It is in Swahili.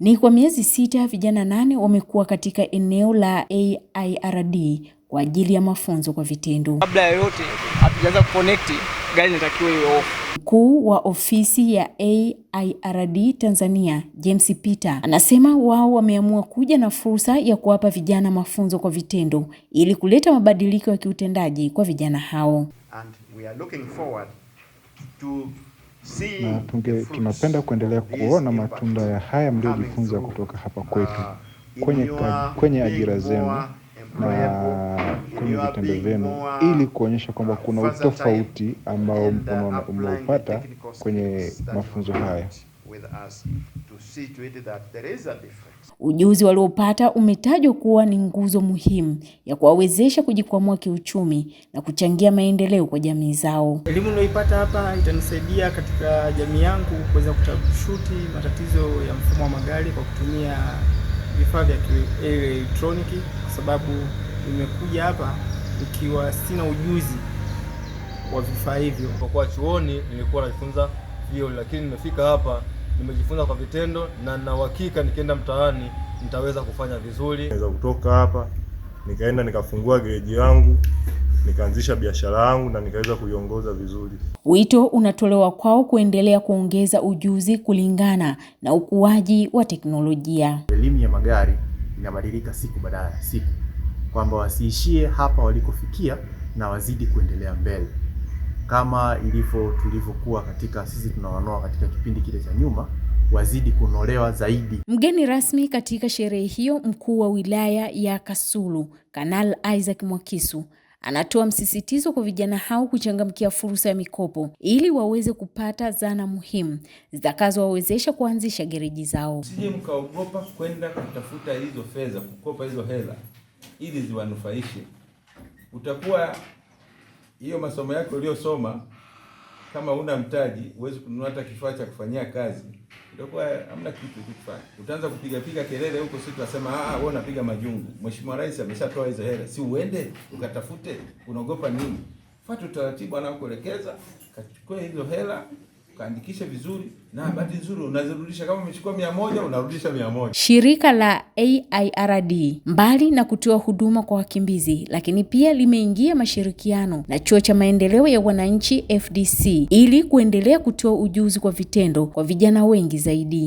Ni kwa miezi sita vijana nane wamekuwa katika eneo la AIRD kwa ajili ya mafunzo kwa vitendo. Kabla ya yote hatujaanza kuconnect gari inatakiwa iwe off. Mkuu wa ofisi ya AIRD Tanzania, James Peter, anasema wao wameamua kuja na fursa ya kuwapa vijana mafunzo kwa vitendo ili kuleta mabadiliko ya kiutendaji kwa vijana hao. And we are looking forward to na tunapenda kuendelea kuona matunda ya haya mliojifunza kutoka hapa kwetu uh, kwenye, kwenye ajira zenu na kwenye vitendo vyenu ili kuonyesha kwamba kuna uh, utofauti ambao umeupata uh, kwenye mafunzo haya with us to see to it that there is a difference. Ujuzi waliopata umetajwa kuwa ni nguzo muhimu ya kuwawezesha kujikwamua kiuchumi na kuchangia maendeleo kwa jamii zao. Elimu niliyoipata hapa itanisaidia katika jamii yangu kuweza kutabshuti matatizo ya mfumo wa magari kwa kutumia vifaa vya kielektroniki kwa sababu nimekuja hapa nikiwa sina ujuzi wa vifaa hivyo. Kwa kuwa chuoni nilikuwa najifunza hiyo, lakini nimefika hapa nimejifunza kwa vitendo na na uhakika nikienda mtaani nitaweza kufanya vizuri. Naweza kutoka hapa nikaenda nikafungua gereji yangu nikaanzisha biashara yangu na nikaweza kuiongoza vizuri. Wito unatolewa kwao kuendelea kuongeza ujuzi kulingana na ukuaji wa teknolojia. Elimu ya magari inabadilika siku baada ya siku, kwamba wasiishie hapa walikofikia na wazidi kuendelea mbele kama ilivyo tulivyokuwa katika sisi tunawanoa katika kipindi kile cha nyuma wazidi kunolewa zaidi. Mgeni rasmi katika sherehe hiyo, mkuu wa wilaya ya Kasulu Kanal Isaac Mwakisu anatoa msisitizo kwa vijana hao kuchangamkia fursa ya mikopo ili waweze kupata zana muhimu zitakazowawezesha kuanzisha gereji zao. Sije mkaogopa kwenda kutafuta hizo fedha, kukopa hizo hela ili ziwanufaishe. Utakuwa hiyo masomo yako uliyosoma, kama una mtaji uwezi kununua hata kifaa cha kufanyia kazi, itakuwa hamna kitu kufanya. Utaanza kupiga piga kelele huko, si tunasema ah, wewe unapiga majungu. Mheshimiwa Rais ameshatoa hizo hela, si uende ukatafute? Unaogopa nini? Fuata utaratibu anaokuelekeza, kachukua hizo hela ukaandikisha vizuri, na bahati nzuri unazirudisha. Kama umechukua mia moja unarudisha mia moja. Shirika la AIRD mbali na kutoa huduma kwa wakimbizi, lakini pia limeingia mashirikiano na chuo cha maendeleo ya wananchi FDC ili kuendelea kutoa ujuzi kwa vitendo kwa vijana wengi zaidi.